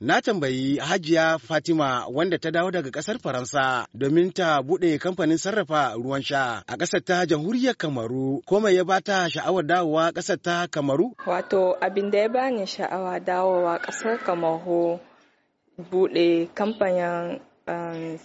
Na tambayi Hajiya Fatima wanda ta dawo daga kasar Faransa domin ta buɗe kamfanin sarrafa ruwan sha a ƙasar ta jamhuriyar Kamaru. Komai ya bata sha'awar dawowa ƙasar ta Kamaru? Wato abin da ya bani sha'awa dawowa ƙasar Kamaru buɗe kamfanin um,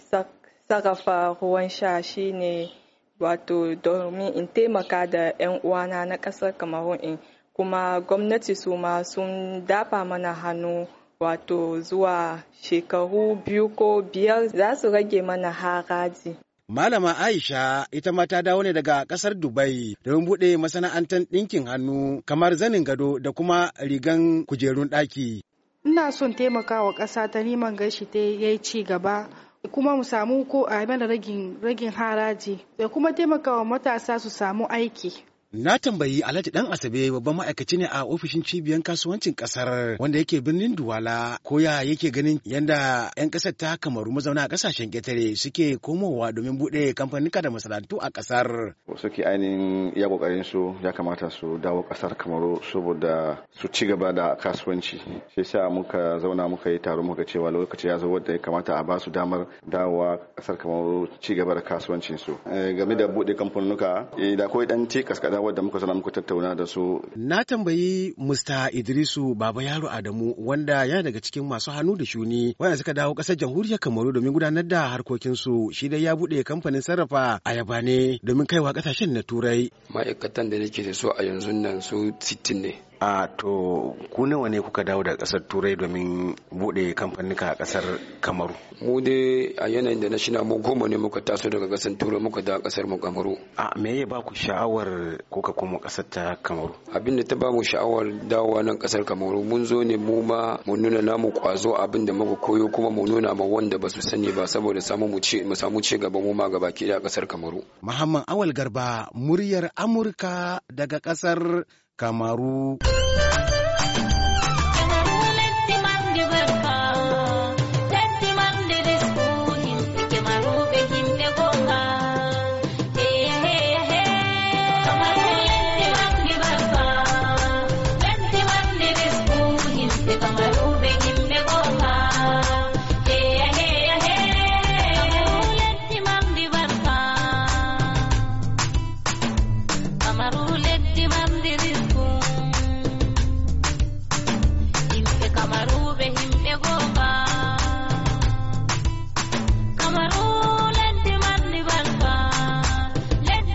sarrafa ruwan sha shi ne wato domin in taimaka da 'yan uwana na ƙasar Kamaru in kuma gwamnati su ma sun dafa mana hannu. wato zuwa shekaru biyu ko biyar za su rage mana haraji. Malama Aisha ita ma ta dawo ne daga kasar Dubai domin buɗe masana'antar ɗinkin hannu kamar zanin gado da kuma rigan kujerun ɗaki. Ina son taimakawa ƙasa ta neman gashi ta yi ci gaba kuma mu samu ko a mana ragin haraji da kuma taimakawa matasa su samu aiki. Na tambayi Alhaji Dan Asabe babban ma'aikaci ne a ofishin cibiyar kasuwancin kasar wanda yake birnin Duwala ko ya yake ganin yanda 'yan kasar ta kamaru mazauna a kasashen ƙetare suke komowa domin buɗe kamfanika da masana'antu a kasar. Suke ainihin ya kokarin su ya kamata su dawo kasar kamaru saboda su ci gaba da kasuwanci. Shi sa muka zauna muka yi taro muka cewa lokaci ya zo wanda ya kamata a ba su damar dawowa kasar kamaru ci gaba da kasuwancin su. Eh, game da buɗe eh, da akwai ɗan cikas kaskada wadda muka sana muka tattauna da su. Na tambayi Mr. Idrisu Baba Yaro Adamu wanda yana daga cikin masu hannu da shuni wanda suka dawo ƙasar jamhuriyar Kamaru domin gudanar da harkokinsu shi dai ya buɗe kamfanin sarrafa ayaba ne domin kaiwa ƙasashen na Turai. Ma'aikatan da nake da su a yanzu nan su sittin ne. a to ku nawa ne kuka dawo da kasar turai domin bude kamfanika a kasar kamaru mu dai a yanayin da na shina mu goma ne muka taso daga kasar turai muka da kasar mu kamaru a me ya ba ku sha'awar kuka kuma kasar ta kamaru abin da ta ba mu sha'awar dawowa nan kasar kamaru mun zo ne mu ma mu nuna namu kwazo abin da muka koyo kuma mu nuna ma wanda ba su sani ba saboda samu mu ce mu samu ce gaba mu ma gaba ke da kasar kamaru muhammad awal garba muryar amurka daga kasar kamaru